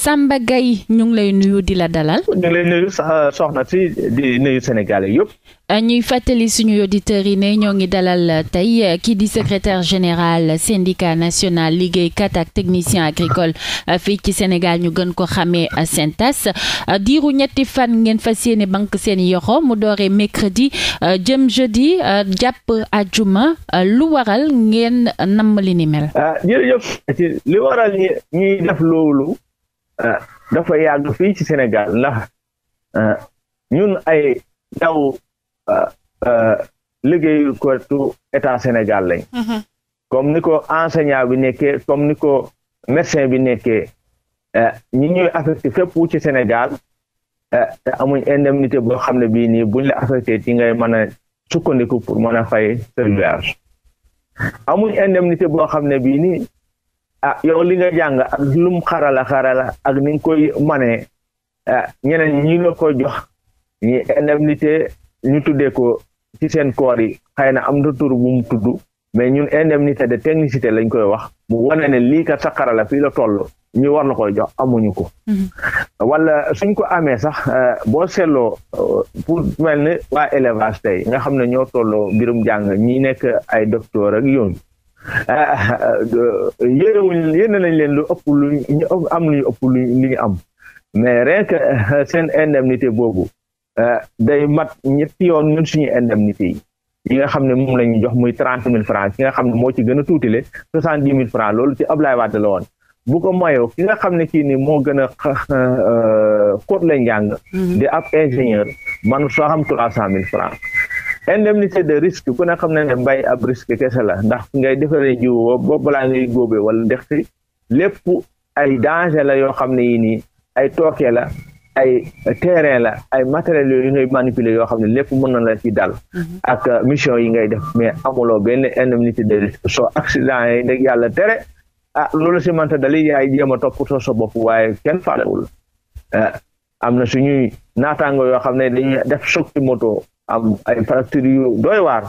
Samba Gaye ñu ngi lay nuyu di la dalal. ñu ngi lay nuyu soxna si di nuyu Sénégalais yëpp. Euh, ñuy fàttali suñu auditeurs yi ne ñoo ngi dalal euh, tey euh, kii di secrétaire général syndicat national liggéeykat ak technicien agricole fii ci Sénégal ñu gën ko xamee SYNTAS diiru ñetti fan ngeen fa yéene banque seen yoxo mu dooree mercredi jëm jeudi jàpp ajuma lu waral ngeen namm li ni mel. Ah, Euh, dafa yàgg fii ci Sénégal ndax euh, ñun ay ndaw euh, liggéeyu kotu état Sénégal lañ mm-hmm. comme ni ko enseignant bi nekkee comme ni ko médecin bi nekkee ñu ñuy affecté fépp wu ci Sénégal te amuñ indemnité boo xam ne bii nii buñ la affecté ci ngay mën a sukkandiku pour mën a fay sa amuñ indemnité boo xam ne bii a ah, yow li nga jàng ak lum xarala xarala ak ni nga koy manee ah ñeneen ñi la ko jox ñi indemnité ñu tuddee ko ci seen koor yi xëy na am na tur bu mu tudd mais ñun indemnité de technicité lañ koy wax mu wane ne lii kat sa xarala fii la toll ñu war na koy jox amuñu ko. Mm-hmm. wala suñ ko amee sax ah, boo seetloo ah, pour mel ni waa élevage tey nga xam ne ñoo tolloo birum jàng ñi nekk ay docteur ak yoon. Euh, euh, yéenewuñ yéene nañ leen lu ëpp lu am lu ëpp lu ñu am mais rien euh, seen indemnité boobu day mat ñetti yoon ñun suñu indemnité yi yi nga xam ne moom la ñu jox muy trente mille francs ki nga xam ne moo ci gën a tuutile soixante dix mille francs loolu ci Ablaye Wade la woon bu ko mayoo ki nga xam ne kii ni moo gën a xóot la njàng mm-hmm. di ab ingénieur man soo xam trois cent mille francs indemnité de risque ku ne xam na ne mbay ab risque la ndax ngay defaree jiw boobu balaa ngay góobe wala dexti lépp ay danger la yoo xam ne ni ay tooke la ay terrain la ay matériels yooyu ngay manipuler yoo xam ne lépp mën na la ci dal mhm. ak mission yi ngay def mais amuloo benn indemnité de risque soo accident yi nag yàlla tere a ah loolu si manta dali yaay jéem a toppatoo sa bopp waaye kenn faalewul ah, am na suñuy naataango yoo xam ne dañuy def choc moto am ay fractures yu doy waar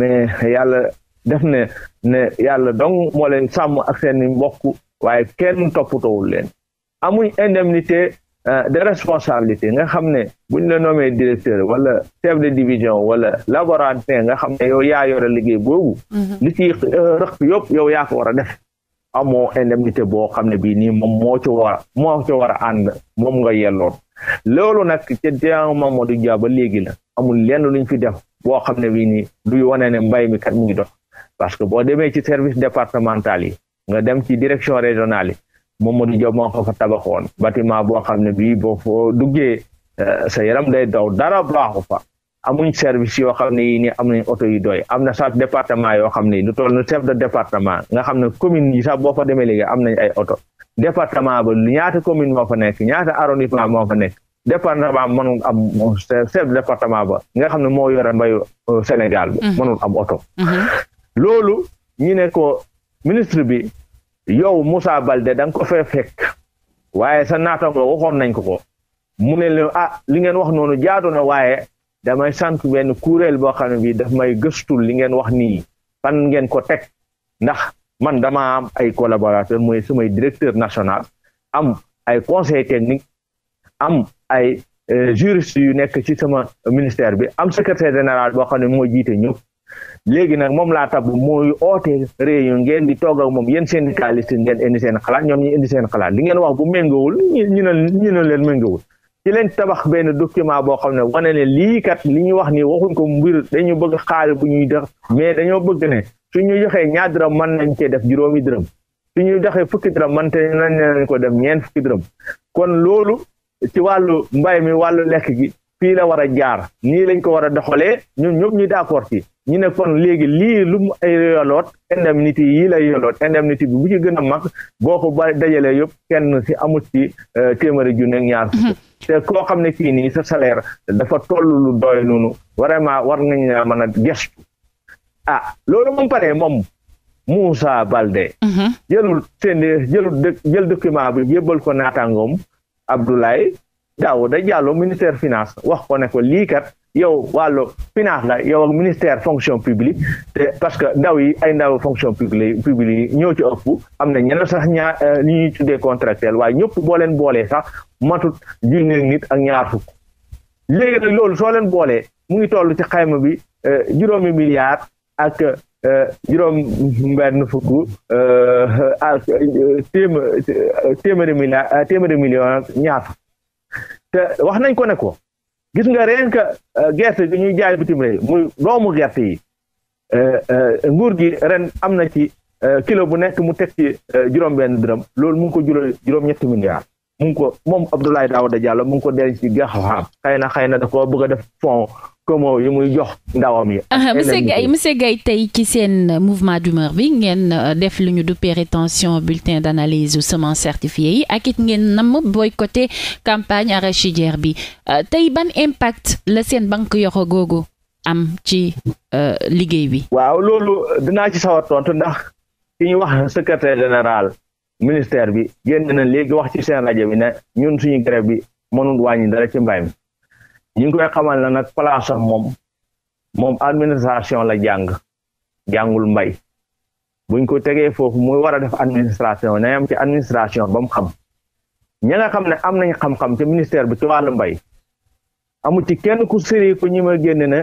mais yàlla def ne ne yàlla dong moo leen sàmm ak seen mbokk waaye kenn toppatoowul leen amuñ indemnité euh, de responsabilité nga xam ne buñ la nommé directeur wala chef division wala laborantin nga xam ne yow yaa yore liggéey boobu mhm. li ci euh, rëq yëpp yow yaa ko war a def amoo indemnité boo xam ne bii nii moom moo ci war a moo ci war a ànd moom nga yelloon loolu nag ca Dieng Mamadou Dia ba léegi la amul lenn luñ fi def boo xam ne bii nii luy wane ne mbay mi kat mu ngi dox parce que boo demee ci service départemental yi nga dem ci direction régionale yi Mamadou Diop moo ko fa tabaxoon bâtiment boo xam ne bii boo foo duggee euh, sa yaram day daw dara baaxu fa amuñ service yoo xam ne yii nii am nañ oto yu doy am na sax département yoo xam ne lu toll nu chef de département nga xam ne commune yi sax boo fa demee léegi am nañ ay oto département ba ñaata département mënul am chef de département ba nga xam ne moo yore mbayu euh, Sénégal bi mm-hmm. mënul am oto mm-hmm. loolu ñu ne ko ministre bi yow Moussa Balde da nga ko fee fekk waaye sa naataango waxoon nañ ko ko mu ne leen ah li ngeen wax noonu jaadu na waaye damay sant benn kuréel boo xam ne bii daf may gëstul li ngeen wax nii fan ngeen ko teg ndax man dama am ay collaborateur mooy samay directeur national am ay conseil technique am ay euh, juriste yu nekk ci sama ministère bi am secrétaire général boo xam ne moo jiite ñu léegi nag moom laa tabb mooy oote réunion ngeen di toog ak moom yéen syndicaliste ngeen indi seen xalaat ñoom ñu indi seen xalaat li ngeen wax bu méngawul ñu ne ñu ne leen méngawul ci leen tabax benn document bo xam ne wane ne lii kat li ñu wax nii waxuñ ko mbir dañu bëgg xaalis bu ñuy def mais dañoo bëgg ne suñu joxee ñaar dërëm man nañ cee def juróomi dërëm suñu joxee fukki dërëm mën nañ ko def ñeent fukki dërëm kon ci wàllu mbay mi wàllu lekk gi fii la war a jaar nii lañ ko war a doxalee ñu ñëpp ñu d'accord si ñu ne kon léegi lii lu mu ay yoloot indemnité yi lay yoloot indemnité bi bu ci gën a mag boo ko ba dajalee yëpp kenn si amut ci euh, téeméeri junne ak ñaar fukk mhm. koo xam ne kii nii sa salaire dafa toll lu doy noonu vraiment war nañ la mën a gestu ah loolu moom pare moom Moussa Balde mhm. jëlul seen jëlul jël document bi yëbbal ko naataangoom Abdoulaye Daouda Diallo ministère finance wax ko ne ko lii kat yow wàllu finance la yow ak ministère fonction publique te parce que ndaw yi ay ndaw fonction publique publique yi ñoo ci ëpp am na ñenn sax ñaar euh, li ñuy tuddee contractuel waaye ñëpp boo leen boolee sax matut junni nit ak ñaar fukk léegi nag loolu soo leen boolee mu ngi toll ci xayma bi euh, juróomi milliards ak juróom benn fukk eh, ak téeméeri million téeméeri million ñaar te wax nañ ko ne ko gis nga rien que eh, gi ñuy jaay bitim réew muy doomu gerte yi eh, nguur gi ren am na ci kilo bu nekk mu teg ci juróom benn dërëm loolu mu ko jural juróom ñetti milliards mu ko moom Abdoulaye Daouda Diallo mu ngi ko denc ci gaxawaam xëy na xëy da koo bëgg a def fond comme yu muy jox ndawam yi. Ah, monsieur Gaye monsieur tey ci seen mouvement d'humeur bi ngeen euh, def lu ñu duppee rétention bulletin d'analyse ou semence certifiée yi ak it ngeen nam namm boycotté campagne arachidière bi euh, tey ban impact la seen banque yoxo googu am ci euh, liggéey bi. waaw loolu dinaa ci sawar tontu ndax ki ñuy wax secrétaire général. ministère bi génn na léegi wax ci seen rajo bi ne ñun suñu grève bi mënul wàññi dara ci mbay mi ñu ngi koy xamal na nag place moom moom administration la jàng jàngul mbay buñ ko tegee foofu muy war a def administration na yam ci administration ba xam ña xam ne am nañ xam-xam ci ministère bi ci wàllu mbay amu ci kenn ku sëri ku ñi ma génn ne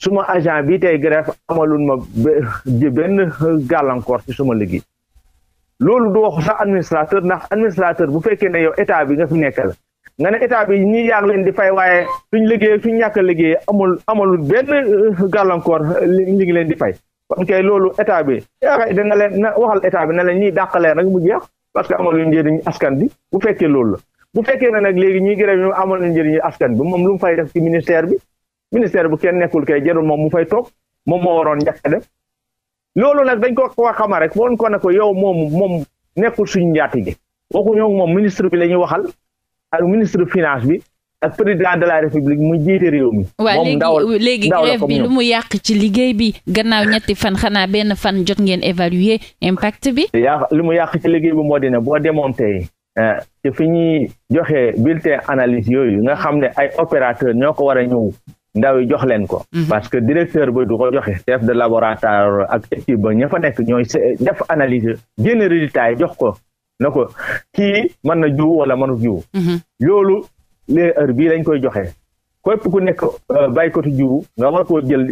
suma agent bi tey grève amalul ma benn gàllankoor ci suma liggéey loolu du wax sax administrateur ndax administrateur bu fekkee ne yow état bi nga fi nekkal nga ne état bi ñi yaag leen di fay waaye suñ liggéey suñ ñàkk a liggéey amul amul benn euh, gàllankoor li ngi leen di fay kon loolu état bi yaakaar da nga na waxal état bi ne leen ñuy dàq leen rek mu jeex parce que amul njëriñ askan bi bu fekkee loolu la bu fekkee ne nag léegi ñuy grève ñu amal na njëriñ askan bi moom lu mu fay def ci ministère bi ministère bu kenn nekkul kay jarul moom mu fay toog moom moo waroon njëkk a def loolu nag dañ ko ko xama rek woon ko na ko yow moom moom nekkul suñu njaatige ñëw moom ministre bi la ñuy waxal ak ministre finance bi ak président de la république mu jiite réew mi. moom ndaw léegi léegi grève bi lu mu yàq ci liggéey bi gannaaw ñetti fan xanaa benn fan jot ngeen évaluer impact bi. yàq li mu yàq ci liggéey bi moo di ne boo démonté te eh, fi ñuy joxe bulletin analyse yooyu nga xam ne ay opérateur ñoo ko war a ñëw ndaw yi jox leen ko. Mhm. parce que directeur bi du ko joxe chef de laboratoire ak équipe ba ña fa nekk ñooy def analyse génn résultat yi jox ko na ko kii mën na jiw wala mënut jiw. Mhm. loolu les heure bii lañ koy joxe képp ku nekk euh, baykatu jiw nga war koo jël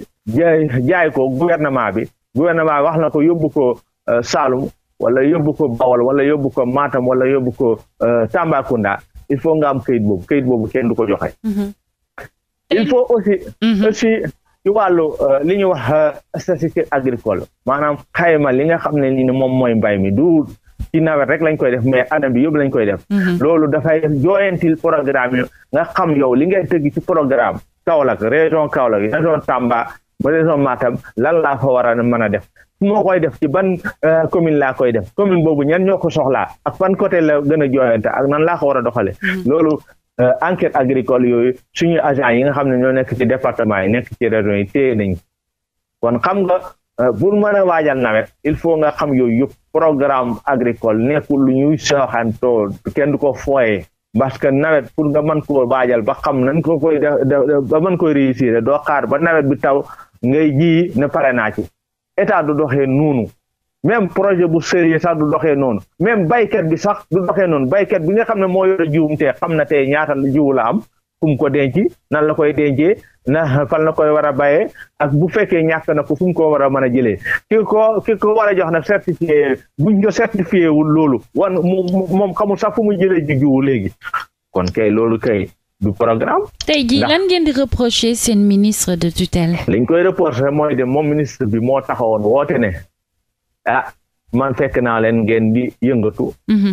jaay ko gouvernement bi gouvernement bi wax na ko yóbbu ko euh, Saalum wala yóbbu ko Bawol wala yóbbu ko maatam wala yóbbu ko euh, Tambacounda il faut nga am kayit boobu kayit boobu kenn du ko joxe. Mhm. il faut aussi. Mhm. aussi ci euh, li ñuy wax euh, statistique agricole maanaam xayma li nga xam ne ni moom mooy mbay mi du si nawet rek lañ koy def mais anam bi yóbbu lañ koy def. Mhm. loolu dafay jooyantil programme yi nga xam yow li ngay tëgg ci programme Kaolack région Kaolack région Tamba région Matam lan laa fa war a mën a def. moo koy def ci ban euh, commune laa koy def commune boobu ñan ñoo ko soxlaa ak ban côté la gën a jooyante ak nan laa ko war a doxale mhm. loolu Euh, enquête agricole yooyu suñu agent yi nga xam ne ñoo nekk ci département yi nekk ci région yi téye nañ kon xam nga euh, pour mën a waajal nawet il faut nga xam yooyu yëpp programme agricole nekkul lu ñuy sooxantoo kenn du ko fooye parce que nawet pour nga mën koo waajal ba xam nañ ko koy ba mën koy réussir doo xaar ba nawet bi taw ngay ji ne pare naa ci état du doxee nuunu même projet bu sérieux sax du doxee noonu même baykat bi sax du doxee noonu baykat bi nga xam ne moo yore jiwum tee xam na tey ñaata jiwu la am fu mu ko denc nan la koy dencee na fan la koy war a bayee ak bu fekkee ñàkk na ko fu ko war a mën a jëlee ki ko ki war a jox nag certifié buñ ko certifié wul loolu wan moom xamu sax fu muy jëlee ji jiwu léegi kon kay loolu kay du programme. tey jii lan ngeen di reprocher seen ministre de tutelle. lañ koy reprocher mooy de moom ministre bi moo taxawoon woote ne. ah man fekk naa leen ngeen di yëngatu mhm.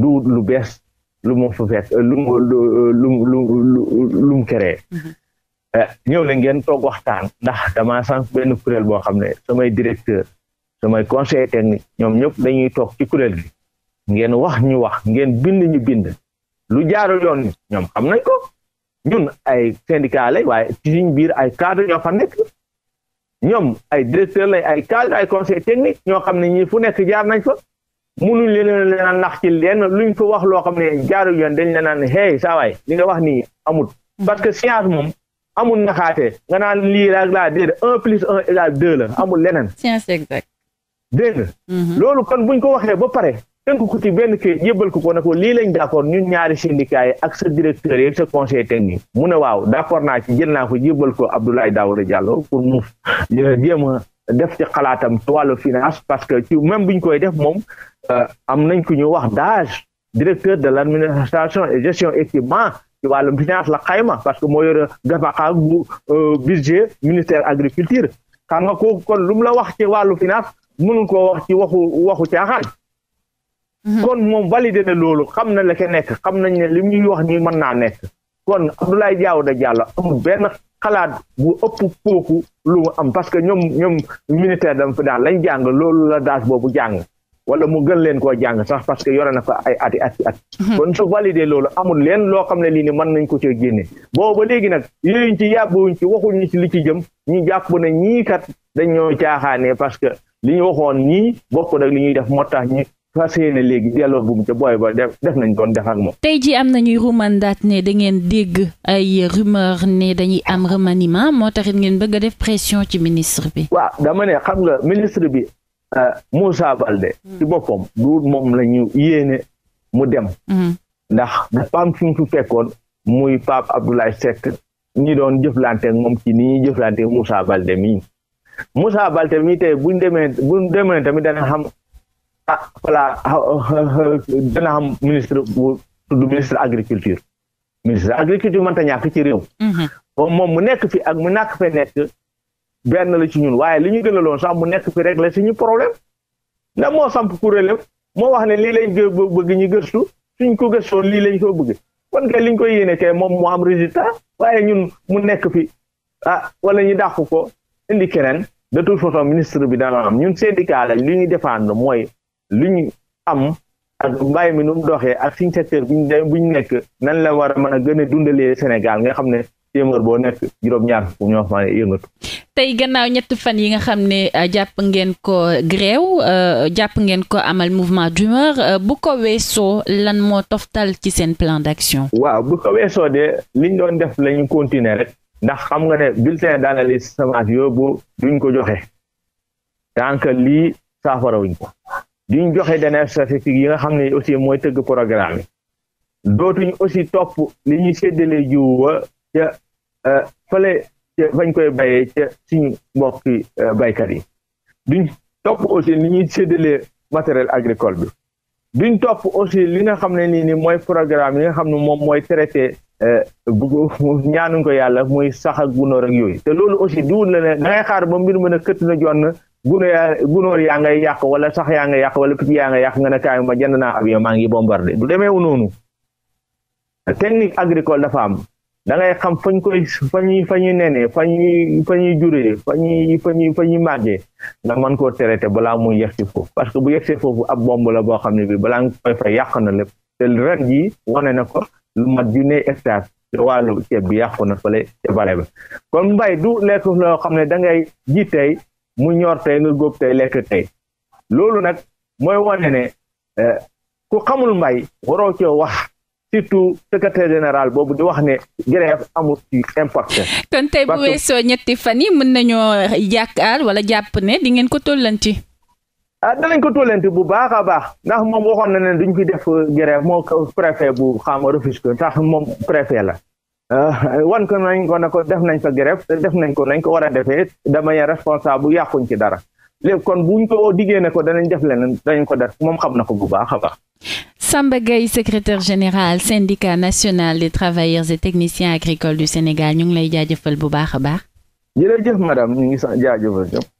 du lu bees lu mu fa fekk lu mu lu lu lu kere créé mhm. ah, ñëw leen ngeen toog waxtaan ndax dama sànq benn kuréel boo xam ne samay directeur samay conseil technique ñoom ñëpp dañuy toog ci kuréel gi ngeen wax ñu wax ngeen bind ñu bind lu jaarul yoon ñoom xam nañ ko ñun ay syndicat lay waaye ci biir ay cadre ñoo fa nekk ñoom ay directeur lañ ay cadre ay conseil technique ñoo xam ne ñii fu nekk jaar nañ fa munuñ leen leen a nax ci lu ñu ko wax loo xam ne jaaru yoon dañ leen naan hey saa waay li nga wax nii amul mm-hmm. parce que science moom amul naxaate nga naan lii laag laa déedéet un plus un égale deux la amul leneen. science exact dégg nga. Mm-hmm. loolu kon buñ ko waxee ba pare tënk ko ci benn kii jébbal ko ko ne ko lii lañ d'accord ñun ñaari syndicat yi ak sa directeur yi sa conseil technique mu ne waaw d'accord naa ci jël naa ko jébbal ko Abdoulaye Daouda Diallo pour mu jéem a def ci xalaatam ci wàllu finance parce que ci même bu ñu koy def moom euh, am nañ ku ñu wax daage directeur de l'administration et gestion équipement ci wàllum finance la xayma parce que moo yore gafaka bu euh, budget ministère agriculture xam nga kooku kon lu la wax ci wàllu finance mënul koo Mm-hmm. kon moom validé na loolu xam na la ca nekk xam nañ ne li muy wax nii mën naa nekk kon Abdoulaye Daouda Diallo amul benn xalaat bu ëpp kooku lu mu am parce que ñoom ñoom militaire dama fi daal lañ jàng loolu la daas boobu jàng wala mu gën leen koo jàng sax parce que yore na ko ay ati ati at mm-hmm. kon su validé loolu amul leen loo xam ne lii ni mën nañ ko cee génne booba léegi nag yooyuñ ci yàbbuwuñ ci waxuñu ci li ci jëm ñu jàpp ne ñii kat dañoo caaxaanee parce que li ñu waxoon ñii bokk nag li ñuy def moo fas yéene léegi delloo bu mu ca booy ba def def nañ doon def ak moom. tey jii am nañuy rumandaat ne da ngeen dégg ay rumeur ne dañuy am remaniement moo taxit ngeen bëgg def pression ci ministre bi. waaw dama ne xam nga ministre bi euh, Moussa Baldé. Mm. ci boppam du moom lañu ñu yéene mu dem. Mm. ndax dafa am fi mu fi fekkoon muy Pape Abdoulaye Seck ñi doon jëflanteeg moom ci ni ñuy jëflanteeg Moussa Baldé mii Moussa Baldé mii tey buñ demee tamit dana xam. ah voilà dana ah, euh, euh, am ministre bu tudd ministre agriculture ministre agriculture mënta ñàkk ci réew. Mhm. moom mu nekk fi ak mu nàkk fee nekk benn la ci ñun waaye li ñu gënaloon sax mu nekk fi régler suñu problème na moo samp kuréelam moo wax ne li lañ ko bëgg ñu gëstu suñ ko gëstoon lii lañ ko bëgg kon kay liñ koy yéene kay moom mu am résultat waaye ñun mu nekk fi ah wala ñu dàq ko indi keneen de toute façon ministre bi dana am ñun syndicat la li ñu défendre mooy. lu ñu am ak mbay mi nu mu doxee ak suñ secteur bu ñu bu ñu nekk nan la war a mën a gën dundalee Sénégal nga xam ne téeméer boo nekk juróom-ñaar fu ñoo xam ne yëngatu. tey gannaaw ñett fan yi nga xam ne euh, jàpp ngeen ko grève euh, jàpp ngeen ko amal mouvement d'humeur euh, bu ko weesoo lan moo toftal ci seen plan d'action. waaw bu ko weesoo de liñ doon def la ñu rek ndax xam nga ne bulletin d'analyse semence yooyu bu duñ ko joxe tant lii saafara wuñ ko. duñ joxe données statistiques yi nga xam ne aussi mooy tëgg programme yi dootuñ aussi topp li ñuy séddale jiw wa ca euh, fële fañ koy bayee ca suñu mbokki euh, baykat yi duñ topp aussi li ñuy séddale matériel agricole bi duñ topp aussi li nga xam ne nii ni mooy programme yi nga xam ne moom mooy traité euh, ñaanuñ ko yàlla muy sax ak gunóor ak yooyu te loolu aussi diwul la ne da xaar ba mbir mën a këtt na jonn guno yaa gunóor yaa ngay yàq wala sax yaa ngay yàq wala picc yaa ngay yàq nga ne kaay ma jënd naa avion maa ngi bombardé du demeewu noonu technique agricole dafa am da xam fañ koy fañuy fa ñuy nenee fa ñuy fa ñuy juree fa ñuy fa ñuy fa ñuy màggee nga man koo traité balaa mu muy yegsi foofu parce que bu yegsee foofu ab bomb la boo xam ne bi balaa nga koy fa yàq na lépp te ren jii wane na ko lu mat junne hectare te wàllu ceeb bi yàqu na fële ca bare ba kon mbay du lekk loo xam ne da ngay mu ñor tey nga góob tey lekk tey loolu nag mooy wane ne eh, ku xamul mbay waroo cee wax surtout secrétaire général boobu di wax ne grève amul ci impact. kon tey bu weesoo ñetti fan yi mën nañoo jàkkaar wala jàpp ne di ngeen ko tollanti. ah danañ ko tollanti bu baax a baax ndax moom waxoon na ne duñ fi def grève moo préfet bu xam Rufisque ndax moom préfet la. wan ko nañ ko na ko def nañ ko grève def nañ ko nañ ko war a defee de manière responsable bu yàquñ ci dara léegi kon buñ ko diggee ne ko danañ def leneen danañ ko def moom xam na ko bu baax a baax. Samba Gaye secrétaire général syndicat national des travailleurs et techniciens agricoles du Sénégal ñu ngi lay jaajëfal bu baax a baax. jërëjëf madame ñu ngi sant jaajëfal